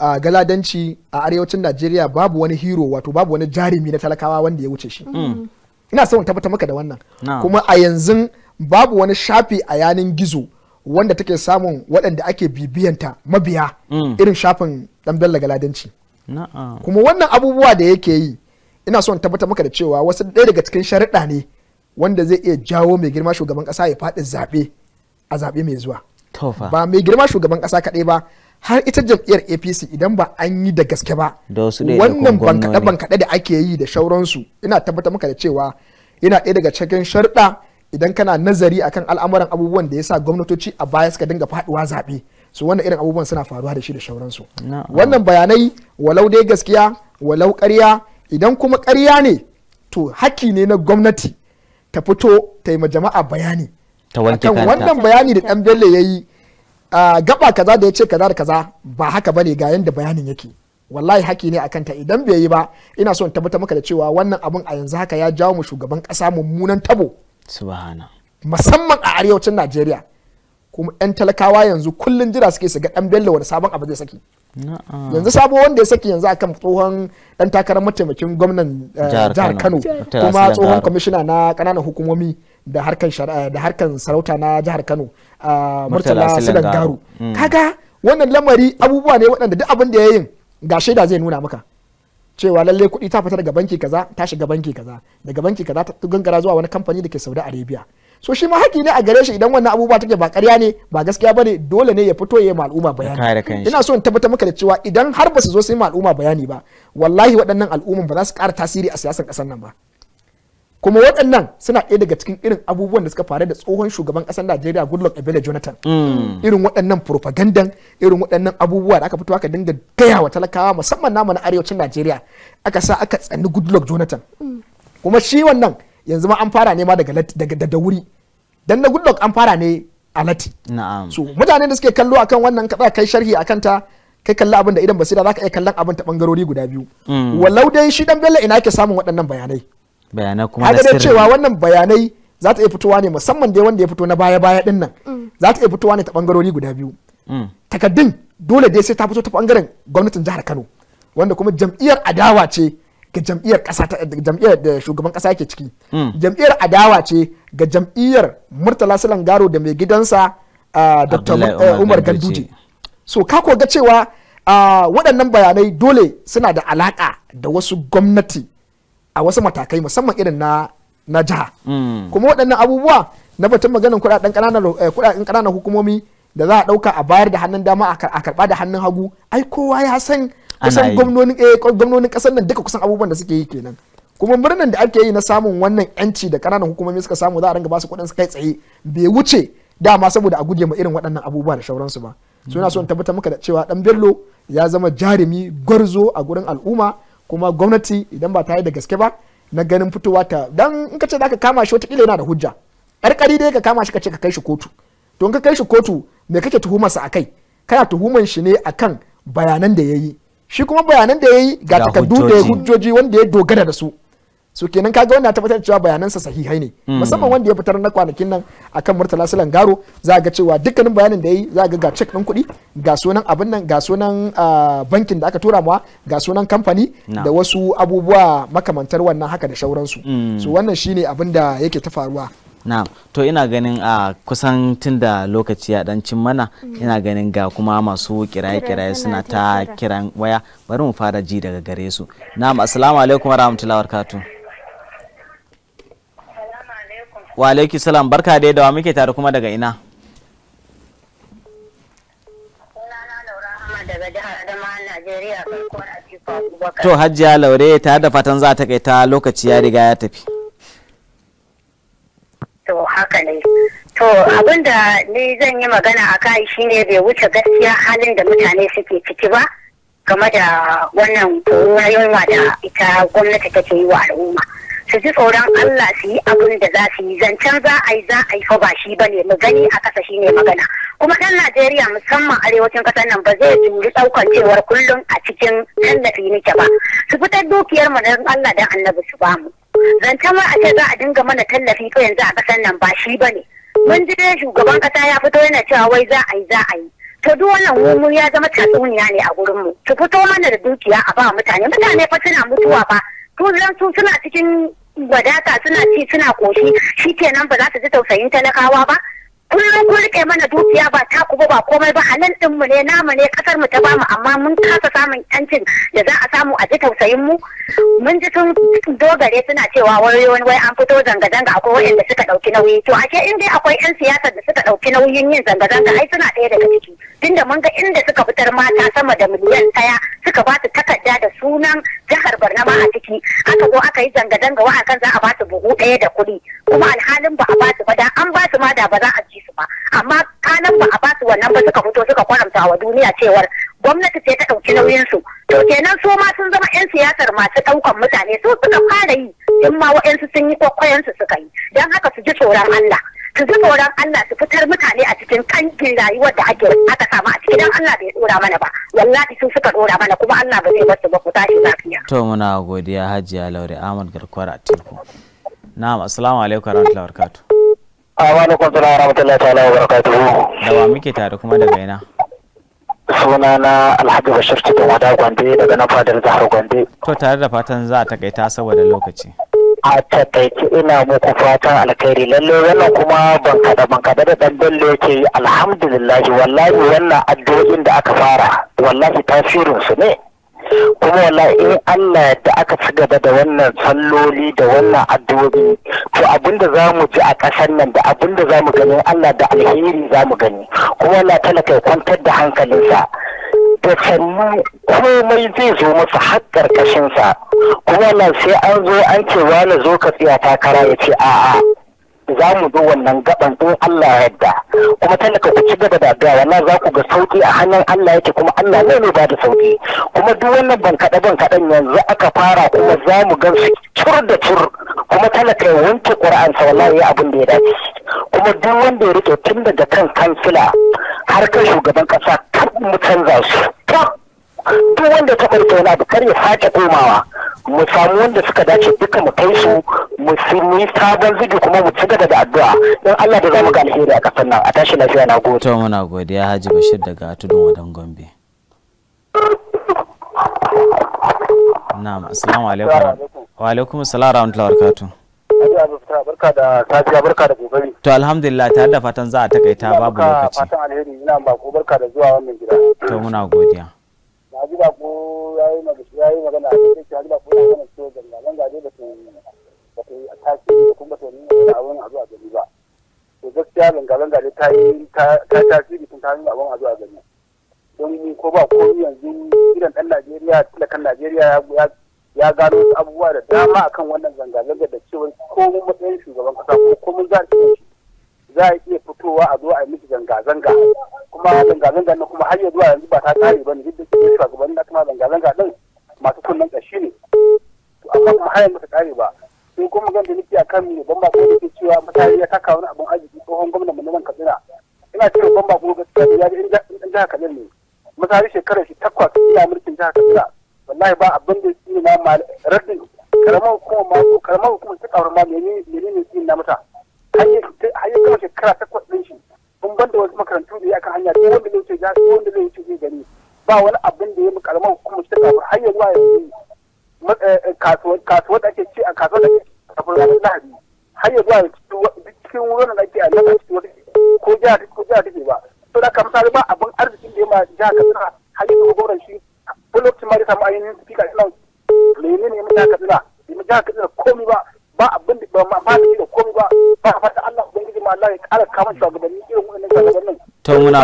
a galadanci a arewacin Najeriya babu wani hero wato babu wani jarumi na talakawa wanda ya wuce shi mm. ina son tabbata maka da wannan kuma a yanzu babu wani shafi a yanin gizo wanda take samun waɗanda ake bibiyanta mabiya mm. irin shafin dan bello galadanci kuma wannan abubuwa da yake yi ina son tabbatar maka da cewa wasu ɗaya daga cikin sharuɗa ne wanda zai iya jawo mai girma shugaban ƙasa ya faɗi zaɓe a zaɓe mai zuwa ba mai girma shugaban ƙasa kaɗai ba har ita jam'iyyar apc idan ba an yi da gaske ba wannan bankaɗe bankaɗe da ake yi da shauransu ina tabbata maka da cewa yana ɗaya daga cikin sharuɗa idan kana nazari akan al'amuran abubuwan da ya sa gwamnatoci a baya suka dinga faɗuwa zaɓe su wannan irin abubuwan suna faruwa da shi da shauransu wannan bayanai walau dai gaskiya walau ƙarya idan kuma karya ne to haƙƙi ne na gwamnati ta fito ta yi jama'a bayani akan wannan bayani da ɗan bello ya yi gaba kaza da ya ce kaza da kaza ba haka bane ga yanda bayanin yake wallahi haki ne akan ta idan bai yi ba ina son tabbata maka da cewa wannan abun a yanzu haka ya jawo mu shugaban ƙasa mummunan tabo subhana musamman a arewacin najeriya kuma yan talakawa yanzu kullun jira suke su ga dan bello wani sabon abu zai saki yanzu sabo wanda ya saki yanzu akan tsohon dan takarar mataimakin gwamnan eh, jihar Kano kuma tsohon kwamishina na kananan hukumomi da harkan eh, da harkan sarauta na jihar Kano ah, Murtala Sidan Garu mm. kaga wannan lamari abubuwa ne waɗanda duk abin da ya yin ga shaida zai nuna maka cewa lalle kuɗi ta fita daga banki kaza ta shiga banki kaza daga banki kaza ta gangara zuwa wani kamfani da ke Saudi Arabia so shi ma haƙi ne a gare shi idan wannan abubuwa take ba ƙarya ne ba gaskiya bane dole ne ya fito ya yi al'umma bayani ina so in tabbatar maka da cewa idan har ba su zo su yi al'umma bayani ba wallahi waɗannan al'umman ba za su ƙara tasiri a siyasar ƙasar nan ba kuma waɗannan suna ɗaya daga cikin irin abubuwan da suka faru da tsohon shugaban ƙasar Najeriya Goodluck Ebele Jonathan mm. irin waɗannan propaganda irin waɗannan abubuwa da aka fito aka dinga gaya talakawa musamman namu na arewacin Najeriya aka sa aka tsani Goodluck Jonathan mm. kuma shi wannan yanzu ma an fara ne ma daga da wuri dan na goodluck an fara ne a lati so mutane da suke kallo akan wannan kada kai sharhi akan ta kai kalli abin da idan basira zaka iya kallon abin ta bangarori guda biyu mm. walau dai shi dan bello ina yake samun waɗannan bayanai bayanai kuma da sirri cewa wannan bayanai za ta iya fitowa ne musamman dai wanda ya fito na baya baya din nan mm. za ta iya fitowa ne ta bangarori guda biyu mm. takaddun dole dai sai ta fito ta bangaren gwamnatin jihar Kano wanda kuma jam'iyyar adawa ce ga jam'iyyar kasa jam'iyyar da shugaban ƙasa yake ciki hmm. jam'iyyar adawa ce ga jam'iyyar murtala sulan garo da mai gidansa ah, dr eh, umar ganduje so ka ga cewa ah, waɗannan bayanai dole suna da alaƙa da wasu gwamnati a wasu matakai musamman irin na na jiha hmm. kuma waɗannan abubuwa na batun maganin kuɗaɗen ƙananan eh, ƙananan hukumomi da za a ɗauka a bayar da hannun dama a karɓa da hannun hagu ai kowa ya san kusan gwamnonin eh gwamnonin kasar nan duka kusan abubuwan da suke yi kenan kuma murnan da ake yi na samun wannan yanci da kananan hukumomi suka samu za a ringa ba su kuɗin su kai tsaye bai wuce dama saboda a guje ma irin waɗannan abubuwa da shauransu ba suna son tabbatar maka da cewa dan bello ya zama jarumi gwarzo a gurin al'umma kuma gwamnati idan ba ta yi da gaske ba na ganin fitowa ta dan in ka ce zaka kama shi wataƙila yana da hujja ƙarƙari dai ka kama shi ka ce ka kai shi kotu to in ka kai shi kotu me kake tuhumarsa akai kana tuhuman shi ne akan bayanan da ya yi shi kuma bayanan da ya yi ga takardu da hujjoji wanda ya dogara da su su kenan kaga wannan tabbatar cewa bayanansa sahihai ne hmm. musamman wanda ya fitar na kwanakin nan akan murtala silan garo za ga cewa dukkanin bayanan da ya yi za ga ga cek ɗin kuɗi ga sunan abin nan ga sunan ah, bankin da aka tura mawa ga sunan kamfani da wasu abubuwa makamantar wannan haka da shauransu hmm. su wannan shine abin da yake ta faruwa na to ina ganin a kusan tun da lokaci ya dan cin mana mm. ina ganin ga kuma masu kiraye-kiraye suna ta kiran waya bari mu fara ji daga gare su na assalamu alaikum warahmatullahi wabarakatuh wa alaiki salam barka dai da wa muke tare kuma daga ina to hajjiya laure ta da fatan za ta kai ta lokaci ya riga ya tafi to haka ne to abinda ni zan yi magana a kai shine bai wuce gaskiya halin da mutane suke ciki ba game da wannan na yunwa da ita gwamnati take yi wa al'umma su ji tsoron Allah su yi abin da za su yi zancen za a yi za a yi ba shi ne mu gani a ƙasa shi ne magana kuma ɗan Najeriya musamman arewacin ƙasar nan ba zai juri ɗaukan cewar kullum a cikin tallafi nake ba su fitar dukiyar mu don Allah dan annabi su bamu. zancen ma a ce za a dinga mana tallafi ko yanzu a kasan nan ba shi bane mun ji shugaban kasa ya fito yana cewa wai za a yi za a yi to duk wannan wumu ya zama tatsuniya ne a gurin mu ki fito mana da dukiya a ba mutane mutane fa suna mutuwa ba tuzan su suna cikin wadata suna ci suna koshi shikenan ba za su ji tausayin talakawa ba kullum kun rike mana dukiya ba ta kuma ba komai ba halal din mu ne namu ne kasar mu ta bamu amma mun kasa samun yancin da za a samu a ji tausayin mu mun ji tun dogare suna cewa wai wani wai an fito zanga zanga akwai wayanda suka dauki nauyi to ashe in dai akwai yan siyasar da suka dauki nauyin yin zanga zanga ai suna ɗaya daga ciki tunda mun ga inda suka fitar mata sama da miliyan ɗaya suka ba su takarda da sunan jihar Barnama a ciki aka zo aka yi zanga zanga wa akan za a ba su buhu ɗaya da kuɗi kuma alhalin ba a ba su ba da an ba su ma da ba za a ci ba amma kanan ba a ba su wannan ba suka fito suka kwaramta wa duniya cewar gwamnati ce ta ɗauki nauyin su to kenan su ma sun zama yan siyasar masu ɗaukan mutane su suka fara yi in ma wa'yansu sun yi kwakwayan su suka yi don haka su ji tsoron Allah su ji tsoron Allah su fitar mutane a cikin kankin rayuwar da ake aka samu a cikin Allah bai dora mana ba wallahi su suka dora mana kuma Allah ba zai bar su ba ku tashi lafiya to muna godiya Hajiya Laure Ahmad Garkwara Tiko na'am assalamu alaikum warahmatullahi wabarakatuh Amanu kuntuna wa rahmatullahi ta'ala wa barakatuhu. Dawa muke tare kuma daga ina. Suna na Alhaji Bashir Cikin Wada Gwande daga na fadar Zahar Gwande. To tare da fatan za a takaita saboda lokaci. A takaice ina muku fatan alkhairi lalle wannan kuma ban kada ban kada da dan bello yake alhamdulillah wallahi wannan addu'o'in da aka fara wallahi tasirin su ne. kuma wala in Allah da aka ci gaba da wannan salloli da wannan addu'o'i to abinda za mu ji a ƙasar nan da abinda za mu gani Allah da alheri za mu gani kuma wala talaka ya kwantar da hankalinsa da sannu komai zai zo masa har ƙarƙashinsa kuma wala sai an zo an ce wani zo ka tsaya takara ya ce a'a za mu zo wannan gaban in Allah yadda kuma talaka ku ci gaba da addu'a wallahi za ku ga sauki a hannun Allah yake kuma Allah ne ne ba da sauki kuma duk wannan ban kaɗe ban kaɗan yanzu aka fara kuma za mu ga cur da cur kuma talaka ya wanke ƙura'ansa wallahi abin da ya dace kuma duk wanda ya rike tun daga kan kansila har kan shugaban ƙasa kar mu canza su duk wanda ta ɓarke tauna da kar ya sake komawa mu samu wanda suka dace duka mu kai su mu sumi sabon zigi kuma mu ci gaba da addu'a don Allah da zamu ga alheri a kasar nan a tashi lafiya na gode to muna godiya Haji Bashir daga Tudun Wadan Gombe na'am assalamu alaikum wa alaikum assalam warahmatullahi wabarakatuh barka da safiya barka da kokari to alhamdulillah tare da fatan za a takaita babu lokaci fatan alheri ina ba ko barka da zuwa wannan gida to muna godiya na ko ya yi magana ya yi magana sai ki ji ko ya magana so ganga ganga dai ba ta yi ba ta ataki kuma ta nuna abun a zuwa gari ba to gaskiya ganga ganga dai ta yi ta tasiri tun ta yi nuna abun a zuwa gari don ko ba ko yanzu gidan dan Najeriya talakan Najeriya ya ya gano abubuwa da dama akan wannan zanga-zanga da cewa ko mun matsayin shugaban kasa ko mun zaɓi shi za a iya fitowa a zo a yi miki zanga-zanga kuma zanga-zanga na kuma har zuwa yanzu ba ta tsari ba ne duk da ke shugaban na kuma zanga-zanga din masu kunnen ƙashi ne to amma kuma har yanzu ta tsari ba sai kuma gan da nake a kan ban ba ko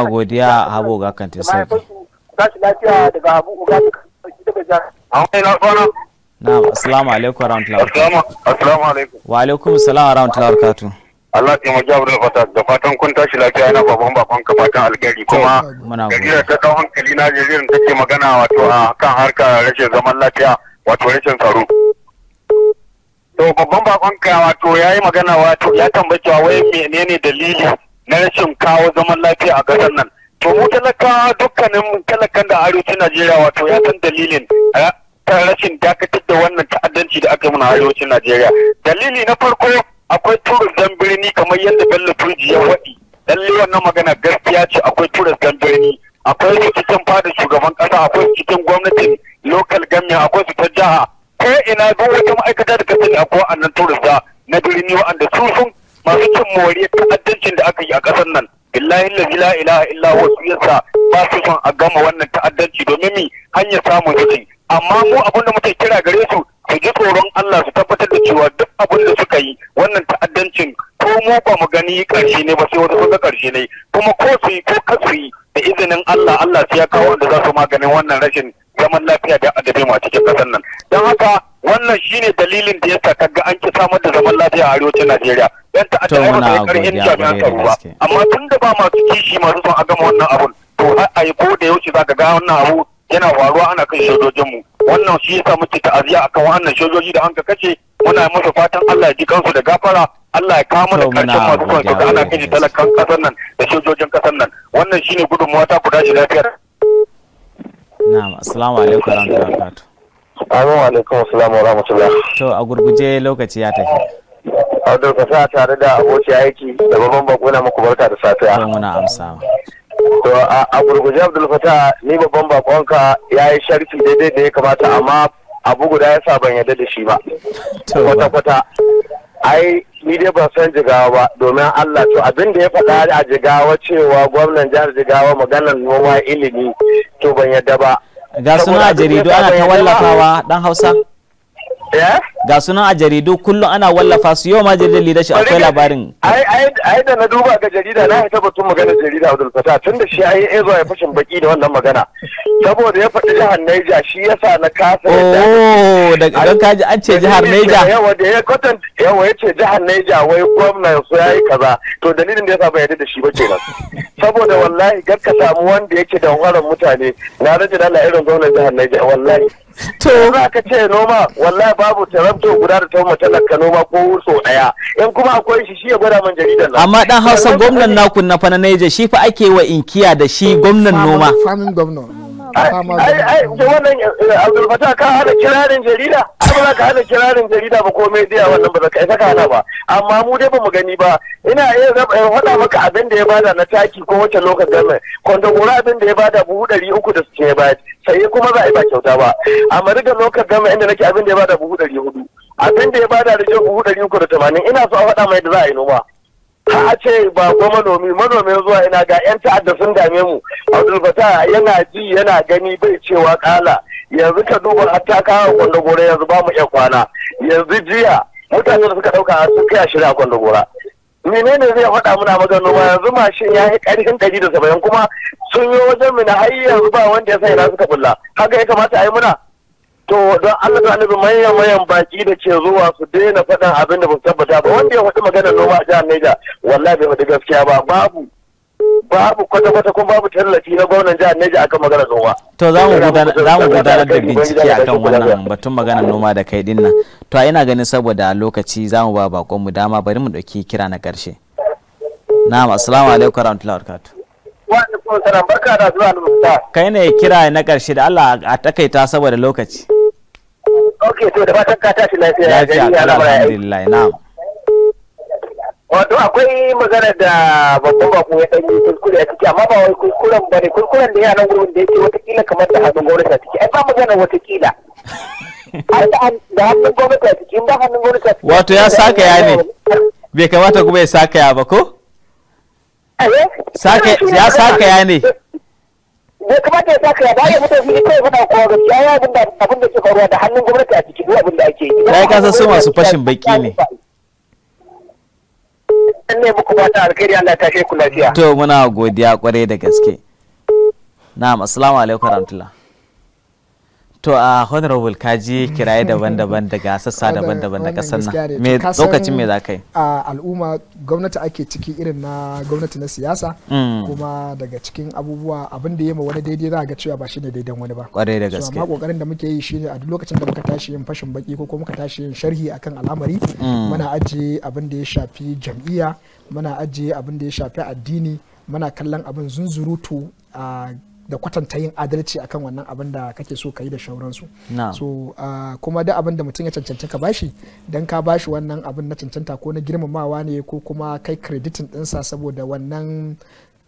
muna godiya habo ga kan sarki tashi lafiya daga abu ga assalamu alaikum warahmatullahi assalamu alaikum wa alaikum assalam warahmatullahi Allah ya fata da fatan kun tashi lafiya na babban bakon ka fatan kuma gajiyar ta kawo hankali na jirin take magana wato a kan harka rashin zaman lafiya wato rashin tsaro. To babban bakon ka wato ya yi magana wato ya tambacewa wai menene dalili na rashin kawo zaman lafiya a ƙasar nan to mu talaka dukkanin talakan da arewacin najeriya wato ya san dalilin ta rashin dakatar da wannan ta'addanci da aka yi mana arewacin najeriya dalili na farko akwai dan birni kamar yadda bello turji ya faɗi lalle wannan magana gaskiya ce akwai dan birni akwai su cikin fada shugaban kasa akwai su cikin gwamnatin lokal government akwai su ta jiha ko ina duk wata ma'aikata da ka sani akwai annan turista na birni wa'anda su sun masu cin moriyar ta'addancin da aka yi a ƙasar nan billahi la ilaha illa wasu yasa ba su son a gama wannan ta'addanci domin mi hanyar samun yaji amma mu abinda muke kira gare su su ji tsoron Allah su tabbatar da cewa duk abin da suka yi wannan ta'addancin ko mu ba mu gani ƙarshe ne ba sai wata sun ƙarshe ne kuma ko su yi ko su yi da izinin Allah Allah sai ya kawo wanda za su maganin wannan rashin zaman lafiya da adabi mu a cikin ƙasar nan don haka wannan shine dalilin da yasa kaga an ki samar da zaman lafiya a arewacin Najeriya dan ta ta ba karin jami'an tsaro ba amma tun da ba masu kishi masu son a gama wannan abun to har a yi ko da yaushe zaka ga wannan abu yana faruwa ana kan sojojin mu wannan shi yasa muke ta'aziya akan wannan sojoji da an ka kace muna masa fatan Allah ya ji kansu da gafara Allah ya kama mana karshen masu son kaga ana kashe talakan kasar nan da sojojin kasar nan wannan shine gudunmuwa ta ku dace lafiyar na'am assalamu alaikum warahmatullahi wabarakatuh Assalamu alaikum wa rahmatullah. To a gurguje lokaci ya tafi. A dokasa tare da aboki aiki da babban bako na muku barka da safiya. To muna amsa. To a gurguje Abdul Fatah ni babban bakonka yi sharfi daidai da ya kamata amma abu guda ya sa ban yadda da shi ba. Kwata kwata. Ai ni dai ban san jigawa ba domin Allah to abin da ya faɗa a jigawa cewa gwamnan jihar jigawa maganar noma ilimi to ban yadda ba. ga suna jaridu ana ta wallafawa dan hausa Eh? ga sunan a jaridu kullum ana wallafa su yau ma jaridar lidashi akwai labarin ai da na duba ga jarida na ta batun magana jarida Abdul Fatah tun da shi ai ya zo ya fashin baki da wannan magana saboda ya faɗi jihar Niger shi ya sa na kasa oh da don kaji an ce jihar Niger yawa da ya kwatan yawa ya ce jihar Niger wai gwamnan su yayi kaza to dalilin da yasa bai yadda da shi ba kenan saboda wallahi gar ka samu wanda yake da wuraren mutane na rage da na irin gwamnan jihar Niger wallahi to za ka ce noma wallahi babu tarakto guda da tauma talaka noma ko wurso daya in kuma akwai shi shi ya gwada man jaridar nan amma dan Hausa gwamnan naku na fa na neja shi fa ake wa inkiya da shi gwamnan noma farming governor ai ai, wannan eh, abdulfata ka hana kirarin jarida ai ba ka hana kirarin jarida ba ko media wannan ba ka isa ka hana ba amma mu dai bamu gani ba ina iya eh, faɗa maka abin da ya bada na taki ko wace lokacin mai kwanda gora abin da ya bada buhu ɗari uku da suke ya bayar sai kuma za a yi ba kyauta ba amma riga lokacin gama inda nake abin da ya bada buhu ɗari hudu abin da ya bada rigar buhu ɗari uku da tamanin ina so a faɗa mai da za a yi noma ka a ce ba ko manomi Manomi zuwa ina ga yan ta'adda sun dame mu abdul bata yana ji yana gani bai cewa kala yanzu ka duba hatta kawo kwando gora yanzu ba mu iya kwana yanzu jiya mutane da suka dauka su kai shirya kwando gora menene zai faɗa muna magana ba yanzu mashin ya yi ƙarfin ɗari da saba'in kuma sun yi wajen mina har yanzu ba wanda ya sa ina suka bulla haka ya kamata a yi muna To don Allah ta nufi manyan manyan baki da ke zuwa su daina faɗin abin da ba tabbata ba wanda ya faɗi magana noma a jihar Niger wallahi bai faɗi gaskiya ba babu babu kwata kwata kuma babu tallafi na gwamnan jihar Niger akan magana noma. To za mu gudanar da bincike akan wannan batun magana noma da kai dinnan. To ina ganin saboda lokaci za mu ba bakon mu dama bari mu ɗauki kira na ƙarshe. Na'am assalamu alaikum warahmatullahi wabarakatuh. Wa alaikum salam barka da zuwa Kai ne kira na ƙarshe da Allah a takaita saboda lokaci. ok to da fatan ka tashi lafiya ya gari ya lamar alhamdulillah na'am wato akwai magana da babban bako ya ɗanyi kuskure a ciki amma ba wai kuskuren ba ne kuskuren da yanan gurbin da yake watakila kamar da hannun gwamnati a ciki ai ba magana watakila da hannun gwamnati a ciki ba hannun gwamnati a ciki wato ya saka ya ne bai kamata kuma ya saka ya ba ko eh, eh. ya saka ya ne yadda ya taka ya ba ya mutum shi kai faɗa kowa gaskiya ya abin da abin da suka ruwa da hannun gwamnati a ciki duk abin da ake yi. Ya kasa su masu fashin baki ne. Dan ne muku fata alkhairi Allah ta kai ku lafiya. To muna godiya kwarai da gaske. Na'am assalamu alaikum warahmatullahi. to a honorable kaji kiraye *laughs* daban-daban daga sassa daban-daban da kasar nan me lokacin me za ka yi a al'umma gwamnati ake ciki irin na gwamnati na siyasa mm. kuma daga cikin abubuwa abin da ya wani daidai za ga cewa ba shine daidan wani ba kwarai da gaske amma kokarin da muke yi shine a duk lokacin da muka tashi yin fashin baki ko kuma muka tashi yin sharhi akan al'amari mm. muna ajiye abin da ya shafi jam'iyya muna ajiye abin da ya shafi addini muna kallon abin zunzurutu a da kwatanta yin adalci akan wannan abin da kake so ka yi da shauransu so kuma da abin da mutum ya cancanta ka bashi dan ka bashi wannan abin na cancanta ko na girmamawa ne ko kuma kai kreditin dinsa saboda wannan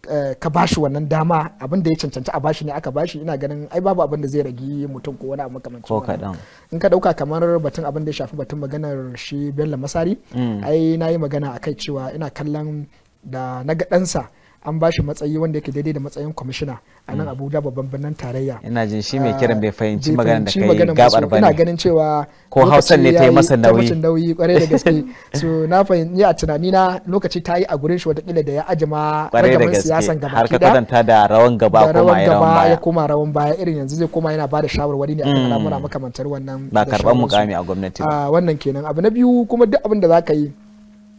eh, ka bashi wannan dama abin da ya cancanta a bashi ne aka bashi ina ganin ai babu abin da zai ragi mutum ko wani abu makamancin kadan. in ka dauka kamar batun abin da ya shafi batun maganar shi Bello Masari mm. ai na yi magana akai cewa ina kallon da na ga ɗansa an ba shi matsayi wanda yake daidai da matsayin kwamishina a nan mm. abuja babban birnin tarayya ina jin shi mai kiran bai ah, fahimci magana da kai gabar ba ina ganin cewa ko hausan ne ta yi masa nauyi nauyi kwarai da *laughs* gaske so na fahimci a tunani na lokaci ta yi a gurin shi kila da ya ajima ragamin siyasan gaba har ka kwatanta da rawan gaba koma ya rawan baya ya koma rawan baya irin yanzu zai koma yana ba da shawarwari ne akan mm. al'amura makamantar wannan ba karban mukami a gwamnati ba ah, wannan kenan abu na biyu kuma duk abin da zaka yi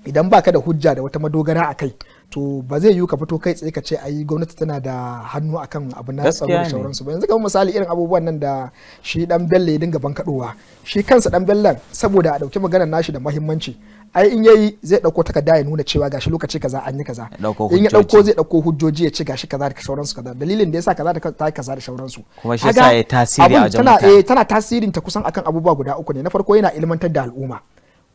idan baka da hujja da wata madogara a kai to ba zai yiwu ka fito kai tsaye ka ce ai gwamnati tana da hannu akan abu na tsaro da sauransu ba yanzu kamar misali irin abubuwan nan da shi dan bello ya dinga bankadowa shi kansa dan bellan saboda a dauki maganar nashi da muhimmanci ai in yayi zai dauko takarda ya nuna cewa gashi lokaci kaza an yi kaza in ya dauko zai dauko hujjoji ya ce gashi kaza da sauransu kaza dalilin da yasa kaza da ta kaza da sauransu kuma shi yasa ya tasiri a jama'a tana eh tana tasirin ta kusan akan abubuwa guda uku ne na farko yana ilmantar da al'umma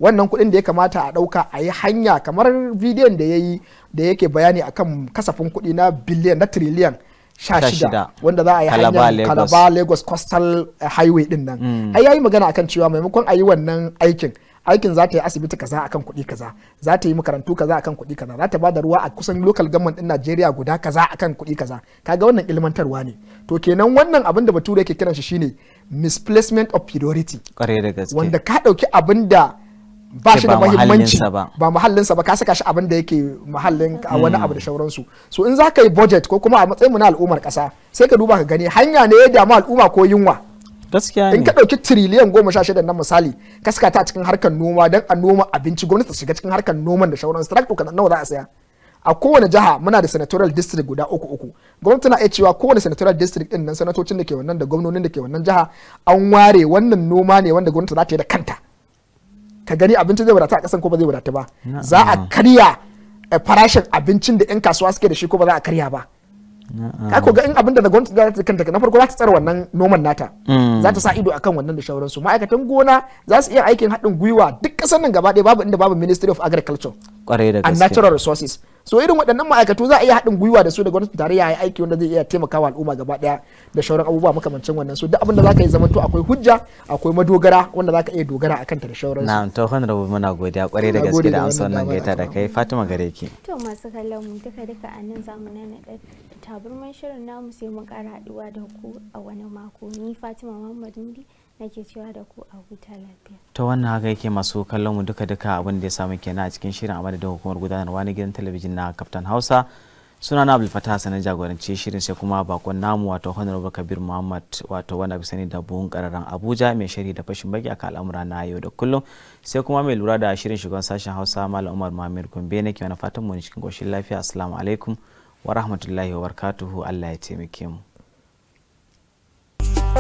wannan kuɗin da ya kamata a ɗauka a yi hanya kamar bidiyon da ya yi da yake bayani akan kasafin kuɗi na biliyan na triliyan sha shida wanda za a yi hanyar kalaba lagos coastal eh, highway din nan mm. ai yayi magana akan cewa maimakon a yi wannan aikin aikin za ta yi asibiti kaza akan kuɗi kaza za ta yi makarantu kaza akan kuɗi kaza za ta ba da ruwa a kusan lokal government din Najeriya guda kaza akan kuɗi kaza kaga wannan ilmantarwa ne to kenan wannan abin da bature yake kiran shi shine misplacement of priority wanda ka ɗauki abin da ba shi da muhimmanci ba muhallinsa ba ka saka shi abin da yake muhallin a wani hmm. abu da shauransu so in za ka yi budget ko kuma a matsayin mu na al'ummar kasa sai ka duba ka gani hanya ne ya damu al'umma ko yunwa gaskiya ne in ka ɗauki tiriliyan goma sha shida nan misali ka saka ta cikin harkar noma dan a noma abinci gwamnati ta shiga cikin harkar noman da shauransu tractor kan nawa za a saya a kowane jiha muna da senatorial district guda uku uku gwamnati na iya cewa kowane senatorial district din nan sanatocin da ke wannan da gwamnonin da ke wannan jiha an ware wannan noma ne wanda gwamnati za ta yi da kanta ka gani abinci zai wadata a kasan ko ba zai wadata ba za a karya eh, farashin abincin da 'yan kasuwa suke da shi ko ba za a karya ba ka ko ga in abinda da gwamnati za ta na farko za ta tsara wannan noman nata mm. za ta sa ido akan wannan da su ma'aikatan gona za su iya aikin haɗin gwiwa duk ƙasar nan gaba ɗaya babu inda babu ministry of agriculture kwarai da gaske and natural resources so irin waɗannan ma'aikatu za a iya haɗin gwiwa da su da gwamnati tare ya yi aiki wanda zai iya taimakawa al'umma gaba ɗaya da shauran abubuwa makamancin wannan so duk abin da za ka yi zamanto akwai hujja akwai madogara wanda za ka iya dogara akan ta da shauran na'am to kan rabu muna godiya kwarai da gaske da amsa wannan gaita da kai Fatima gare ki to masu kallon mu duka duka annin zamu nan taburman shirin namu sai mu kara haduwa da ku a wani mako ni fatima bi ndi nake cewa da ku a huta lafiya ta wannan haka yake masu kallon mu duka duka abin da ya samu kenan a cikin shirin amma da hukumar gudanarwa na gidan talabijin na kaftan hausa suna na abdulfatah sanar jagoranci shirin sai kuma bakon namu wato honorable kabir muhammad wato wanda bisa ne da buhun kararren abuja mai shari da fashin baki a al'amura na yau da kullum sai kuma mai lura da shirin shugaban sashen hausa malam umar muhammad gombe nake wani fatan mu cikin koshin lafiya assalamu alaikum wa rahmatullahi wa barkatuhu Allah ya taimake mu